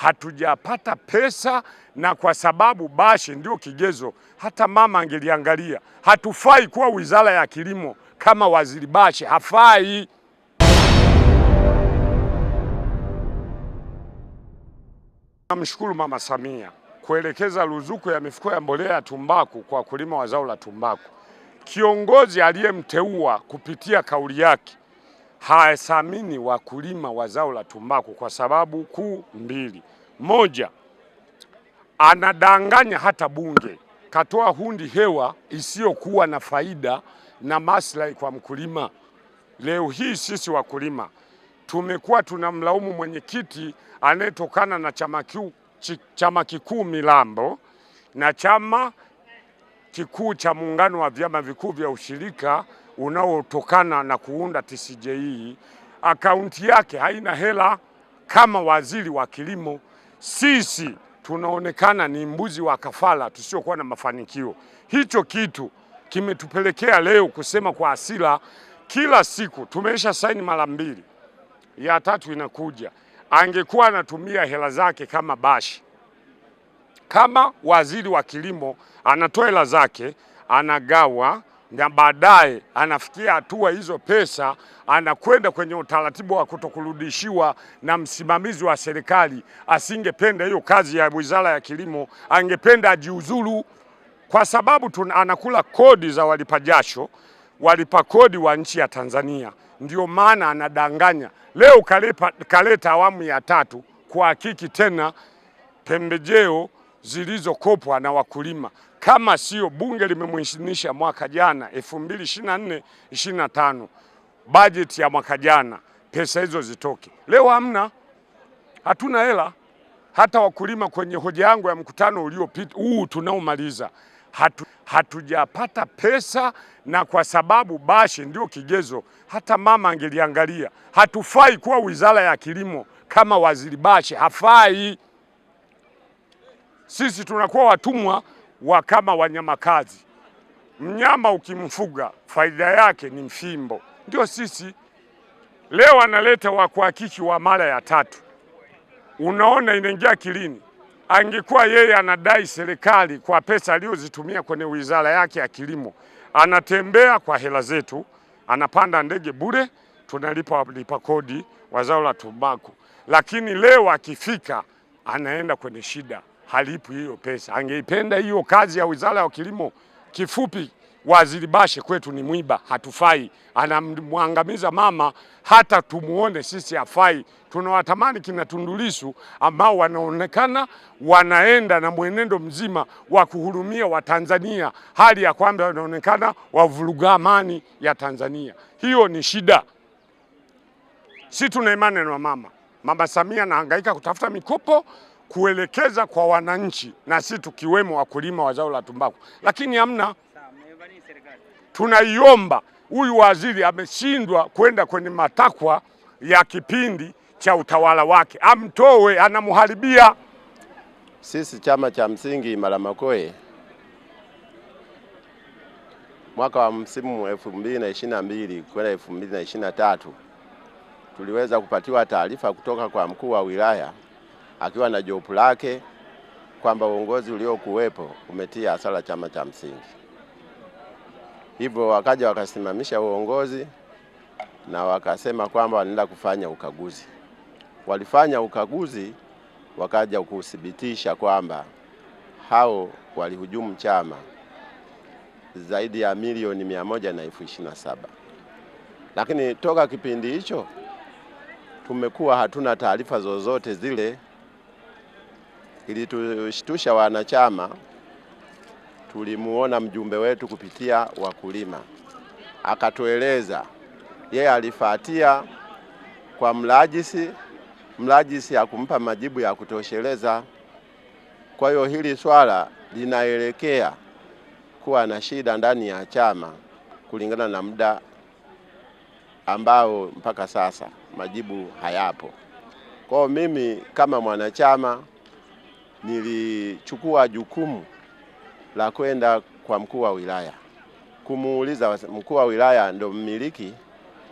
hatujapata pesa, na kwa sababu Bashi ndio kigezo, hata mama angeliangalia. Hatufai kuwa wizara ya kilimo kama waziri Bashi hafai. Namshukuru Mama Samia kuelekeza ruzuku ya mifuko ya mbolea ya tumbaku kwa wakulima wa zao la tumbaku, kiongozi aliyemteua kupitia kauli yake hawathamini wakulima wa zao la tumbaku kwa sababu kuu mbili. Moja, anadanganya hata bunge, katoa hundi hewa isiyokuwa na faida na maslahi kwa mkulima. Leo hii sisi wakulima tumekuwa tunamlaumu mwenyekiti anayetokana na chama, chama kikuu Milambo na chama kikuu cha muungano wa vyama vikuu vya ushirika unaotokana na kuunda TCJE. Akaunti yake haina hela. Kama waziri wa kilimo, sisi tunaonekana ni mbuzi wa kafala tusiokuwa na mafanikio. Hicho kitu kimetupelekea leo kusema kwa hasira, kila siku tumeisha saini mara mbili, ya tatu inakuja. Angekuwa anatumia hela zake kama bashi. Kama waziri wa kilimo anatoa hela zake anagawa na baadaye anafikia hatua hizo pesa anakwenda kwenye utaratibu wa kutokurudishiwa na msimamizi wa serikali. Asingependa hiyo kazi ya Wizara ya Kilimo, angependa ajiuzuru, kwa sababu tuna, anakula kodi za walipa jasho, walipa kodi wa nchi ya Tanzania. Ndio maana anadanganya. Leo kaleta awamu ya tatu kuhakiki tena pembejeo zilizokopwa na wakulima, kama sio bunge limemuidhinisha mwaka jana 2024 25 bajeti ya mwaka jana, pesa hizo zitoke. Leo hamna, hatuna hela. Hata wakulima kwenye hoja yangu ya mkutano uliopita huu tunaomaliza hatu, hatujapata pesa, na kwa sababu Bashi ndio kigezo, hata mama angeliangalia. Hatufai kuwa wizara ya kilimo kama waziri Bashi hafai sisi tunakuwa watumwa wa kama wanyamakazi. Mnyama ukimfuga faida yake ni mfimbo, ndio sisi leo analeta wa kuhakiki wa mara ya tatu. Unaona inaingia kilini. Angekuwa yeye anadai serikali kwa pesa aliyozitumia kwenye wizara yake ya kilimo, anatembea kwa hela zetu, anapanda ndege bure, tunalipa lipa kodi wa zao la tumbaku, lakini leo akifika anaenda kwenye shida halipwi hiyo pesa. Angeipenda hiyo kazi ya wizara ya kilimo. Kifupi, waziri Bashe kwetu ni mwiba, hatufai, anamwangamiza mama, hata tumuone sisi hafai. Tunawatamani kina Tundu Lissu ambao wanaonekana wanaenda na mwenendo mzima wa kuhurumia Watanzania, hali ya kwamba wanaonekana wavuruga amani ya Tanzania. Hiyo ni shida. Si tuna imani na mama mama Samia anahangaika kutafuta mikopo kuelekeza kwa wananchi na si tukiwemo wakulima wa zao la tumbaku, lakini hamna. Tunaiomba, huyu waziri ameshindwa kwenda kwenye matakwa ya kipindi cha utawala wake, amtoe, anamharibia. Sisi chama cha msingi Makoe mwaka wa msimu 2022 kwenda 2023 tuliweza kupatiwa taarifa kutoka kwa mkuu wa wilaya akiwa na jopu lake kwamba uongozi uliokuwepo umetia hasara chama cha msingi. Hivyo wakaja wakasimamisha uongozi na wakasema kwamba wanaenda kufanya ukaguzi. Walifanya ukaguzi, wakaja kuthibitisha kwamba hao walihujumu chama zaidi ya milioni mia moja na elfu ishirini na saba lakini toka kipindi hicho tumekuwa hatuna taarifa zozote zile Ilitushtusha wanachama, tulimuona mjumbe wetu kupitia wakulima akatueleza yeye alifatia kwa mrajisi, mrajisi hakumpa majibu ya kutosheleza. Kwa hiyo hili swala linaelekea kuwa na shida ndani ya chama kulingana na muda ambao mpaka sasa majibu hayapo. Kwa hiyo mimi kama mwanachama nilichukua jukumu la kwenda kwa mkuu wa wilaya kumuuliza mkuu wa wilaya, ndo mmiliki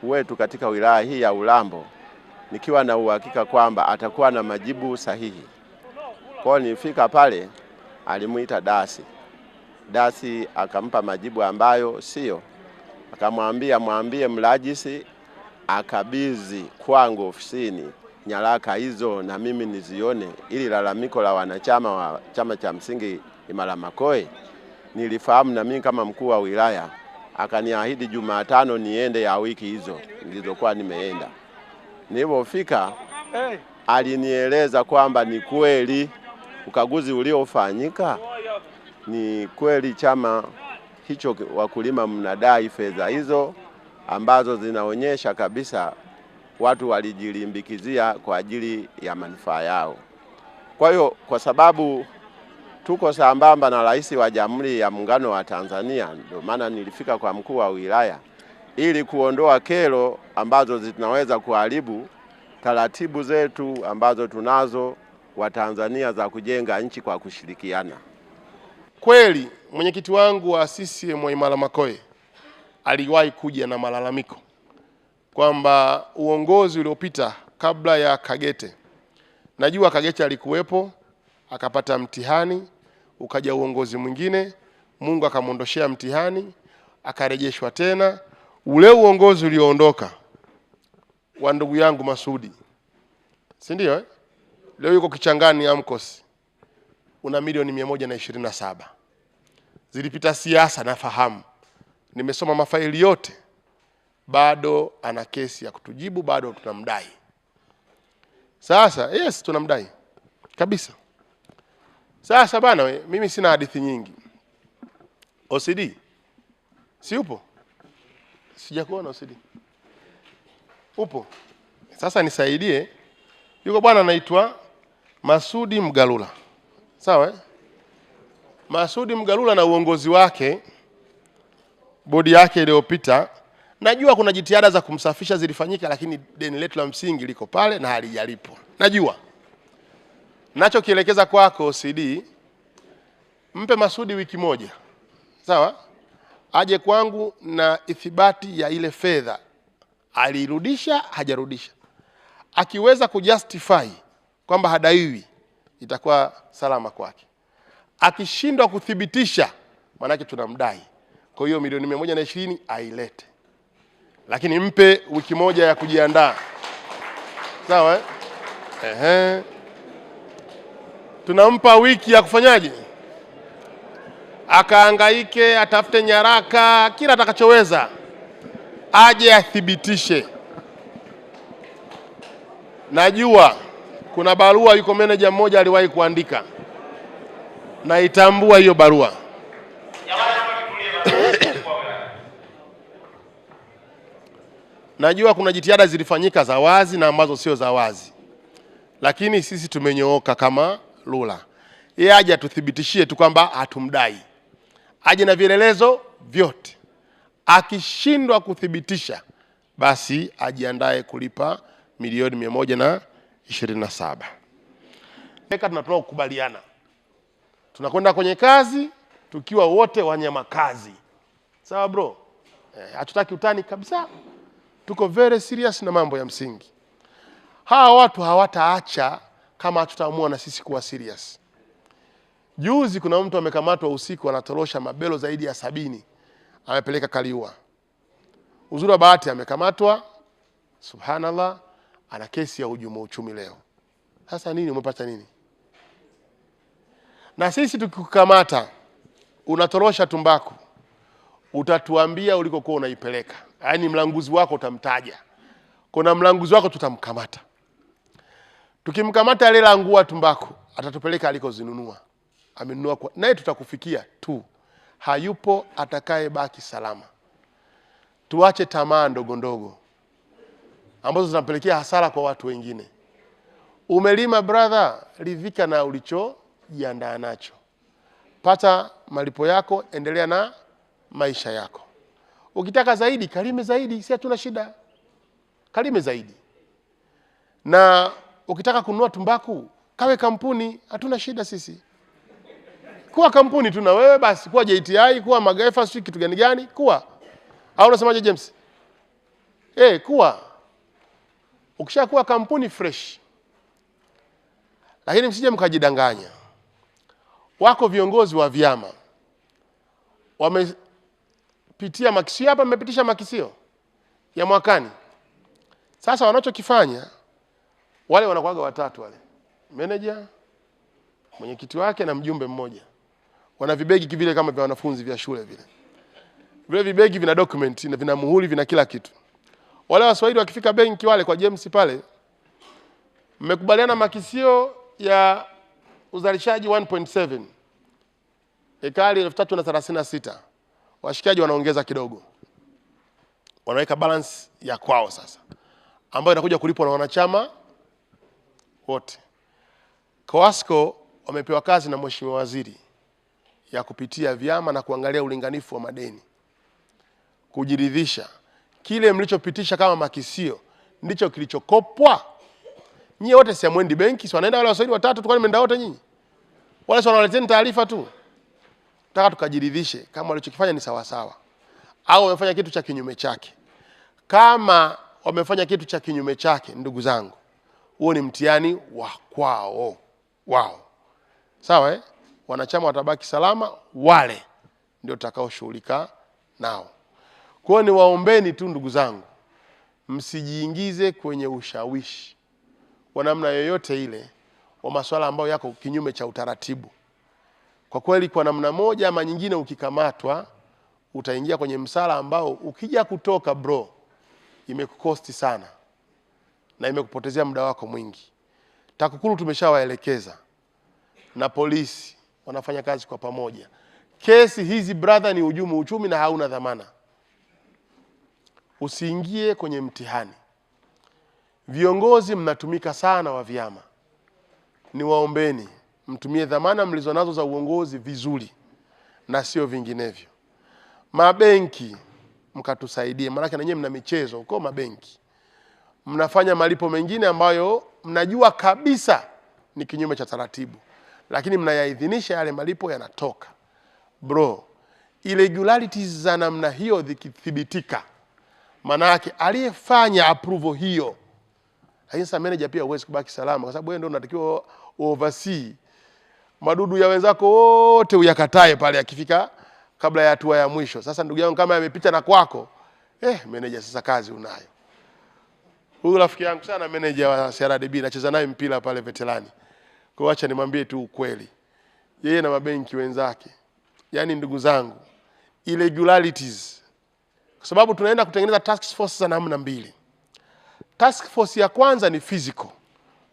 wetu katika wilaya hii ya Urambo, nikiwa na uhakika kwamba atakuwa na majibu sahihi. Kwa nilifika pale, alimuita dasi dasi, akampa majibu ambayo sio, akamwambia mwambie mrajisi akabizi kwangu ofisini nyaraka hizo na mimi nizione, ili lalamiko la wanachama wa chama cha msingi Imara Makoe nilifahamu na mimi kama mkuu wa wilaya. Akaniahidi Jumatano niende ya wiki hizo nilizokuwa nimeenda. Nilipofika alinieleza kwamba ni kweli ukaguzi uliofanyika ni kweli chama hicho wakulima mnadai fedha hizo ambazo zinaonyesha kabisa watu walijilimbikizia kwa ajili ya manufaa yao. Kwa hiyo kwa sababu tuko sambamba na rais wa Jamhuri ya Muungano wa Tanzania, ndio maana nilifika kwa mkuu wa wilaya ili kuondoa kero ambazo zinaweza kuharibu taratibu zetu ambazo tunazo wa tanzania za kujenga nchi kwa kushirikiana. Kweli mwenyekiti wangu wa CCM Waimara Makoe aliwahi kuja na malalamiko kwamba uongozi uliopita kabla ya Kagete, najua Kagete alikuwepo akapata mtihani, ukaja uongozi mwingine, Mungu akamwondoshea mtihani, akarejeshwa tena. Ule uongozi ulioondoka wa ndugu yangu Masudi, si ndio eh? Leo yuko kichangani AMCOS, una milioni mia moja na ishirini na saba. Zilipita siasa, nafahamu, nimesoma mafaili yote bado ana kesi ya kutujibu, bado tunamdai. Sasa yes, tunamdai kabisa. Sasa bana we, mimi sina hadithi nyingi. OCD si upo? Sijakuona OCD. Upo? Sasa nisaidie, yuko bwana anaitwa Masudi Mgalula, sawa eh? Masudi Mgalula na uongozi wake, bodi yake iliyopita Najua kuna jitihada za kumsafisha zilifanyika, lakini deni letu la msingi liko pale na halijalipwa. Najua nachokielekeza kwako CD, mpe Masudi wiki moja, sawa, aje kwangu na ithibati ya ile fedha alirudisha hajarudisha. Akiweza kujustify kwamba hadaiwi, itakuwa salama kwake. Akishindwa kuthibitisha, maanake tunamdai. Kwa hiyo milioni mia moja na ishirini ailete lakini mpe wiki moja ya kujiandaa, sawa eh? Ehe, tunampa wiki ya kufanyaje, akaangaike, atafute nyaraka, kila atakachoweza aje athibitishe. Najua kuna barua, yuko meneja mmoja aliwahi kuandika, naitambua hiyo barua. Najua kuna jitihada zilifanyika za wazi na ambazo sio za wazi, lakini sisi tumenyooka kama Lula. Yeye aje atuthibitishie tu kwamba hatumdai, aje na vielelezo vyote. Akishindwa kuthibitisha, basi ajiandae kulipa milioni mia moja na ishirini na saba. Tunatoa kukubaliana, tunakwenda kwenye kazi tukiwa wote wanyama kazi, sawa bro? Eh, hatutaki eh, utani kabisa tuko very serious na mambo ya msingi. Hawa watu hawataacha kama hatutaamua na sisi kuwa serious. Juzi kuna mtu amekamatwa usiku anatorosha mabelo zaidi ya sabini amepeleka Kaliua. Uzuri wa bahati amekamatwa, subhanallah, ana kesi ya hujumu uchumi leo. Sasa nini umepata nini? Na sisi tukikukamata unatorosha tumbaku utatuambia ulikokuwa unaipeleka, yaani mlanguzi wako utamtaja. Kuna mlanguzi wako tutamkamata, tukimkamata alilangua tumbaku atatupeleka alikozinunua, amenunua kwa naye, tutakufikia tu. Hayupo atakayebaki salama. Tuache tamaa ndogo ndogo ambazo zinapelekea hasara kwa watu wengine. Umelima brother, ridhika na ulichojiandaa nacho, pata malipo yako, endelea na maisha yako. Ukitaka zaidi, kalime zaidi, si hatuna shida, kalime zaidi. Na ukitaka kununua tumbaku, kawe kampuni, hatuna shida sisi. Kuwa kampuni tu na wewe basi, kuwa JTI, kuwa Magaifa, si kitu gani gani, kuwa au unasemaje James? Eh, kuwa ukishakuwa kampuni fresh. Lakini msije mkajidanganya, wako viongozi wa vyama wame pitia makisio hapa, mmepitisha makisio ya mwakani. Sasa wanachokifanya wale wanakuwaga watatu wale, manager, mwenyekiti wake na mjumbe mmoja, wana vibegi vile kama vya wanafunzi vya shule vile vile, vibegi vina document na vina muhuri vina kila kitu. Wale waswahili wakifika benki wale kwa James pale, mmekubaliana makisio ya uzalishaji 1.7 ekari 3336 washikaji wanaongeza kidogo, wanaweka balance ya kwao sasa, ambayo inakuja kulipwa na wanachama wote. Coasco wamepewa kazi na mheshimiwa waziri ya kupitia vyama na kuangalia ulinganifu wa madeni, kujiridhisha kile mlichopitisha kama makisio ndicho kilichokopwa. Nyie wote siamwendi benki, si wanaenda wale wasaidi watatu, tukawa nimeenda wote nyinyi, wale si wanawaleteni taarifa tu nataka tukajiridhishe kama walichokifanya ni sawasawa au wamefanya kitu cha kinyume chake. Kama wamefanya kitu cha kinyume chake, ndugu zangu, huo ni mtihani wa kwao wao, sawa eh? Wanachama watabaki salama, wale ndio tutakaoshughulika nao. Kwa hiyo niwaombeni tu ndugu zangu, msijiingize kwenye ushawishi wa namna yoyote ile wa masuala ambayo yako kinyume cha utaratibu. Kwa kweli kwa namna moja ama nyingine, ukikamatwa utaingia kwenye msala ambao ukija kutoka bro, imekukosti sana na imekupotezea muda wako mwingi. TAKUKURU tumeshawaelekeza na polisi wanafanya kazi kwa pamoja. Kesi hizi brother, ni hujumu uchumi na hauna dhamana. Usiingie kwenye mtihani. Viongozi mnatumika sana wa vyama, niwaombeni mtumie dhamana mlizonazo za uongozi vizuri na sio vinginevyo. Mabenki mkatusaidie, maanake nanyewe mna michezo huko mabenki, mnafanya malipo mengine ambayo mnajua kabisa ni kinyume cha taratibu, lakini mnayaidhinisha yale malipo yanatoka. Bro, irregularities za namna hiyo zikithibitika, maana yake aliyefanya approval hiyo, lakini sasa manager pia huwezi kubaki salama, kwa sababu wewe ndio unatakiwa oversee madudu ya wenzako wote uyakatae pale akifika kabla ya hatua ya mwisho. Sasa ndugu yangu, kama yamepita na kwako eh, meneja sasa kazi unayo. Huyu rafiki yangu sana meneja wa CRDB anacheza naye mpira pale Veterani. Kwa acha nimwambie tu ukweli, yeye na mabenki wenzake, yaani ndugu zangu, irregularities, kwa sababu tunaenda kutengeneza task force za namna mbili. Task force ya kwanza ni physical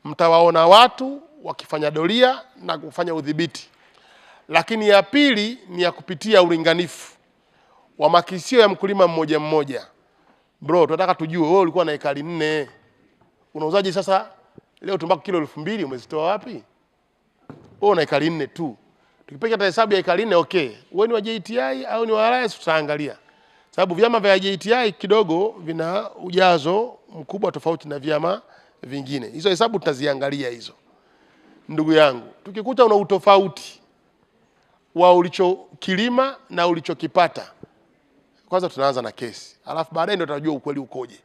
mtawaona watu wakifanya doria na kufanya udhibiti. Lakini ya pili ni ya kupitia ulinganifu wa makisio ya mkulima mmoja mmoja. Bro, tunataka tujue wewe ulikuwa na ekari nne, unauzaje sasa leo? Tumbaku kilo elfu mbili umezitoa wapi? Wewe una ekari nne tu. Tukipiga hata hesabu ya ekari nne, okay, wewe ni wa JTI au ni wa RS? Tutaangalia sababu vyama vya JTI kidogo vina ujazo mkubwa tofauti na vyama vingine. Hizo hesabu tutaziangalia hizo, ndugu yangu. Tukikuta una utofauti wa ulichokilima na ulichokipata, kwanza tunaanza na kesi, alafu baadaye ndio tutajua ukweli ukoje.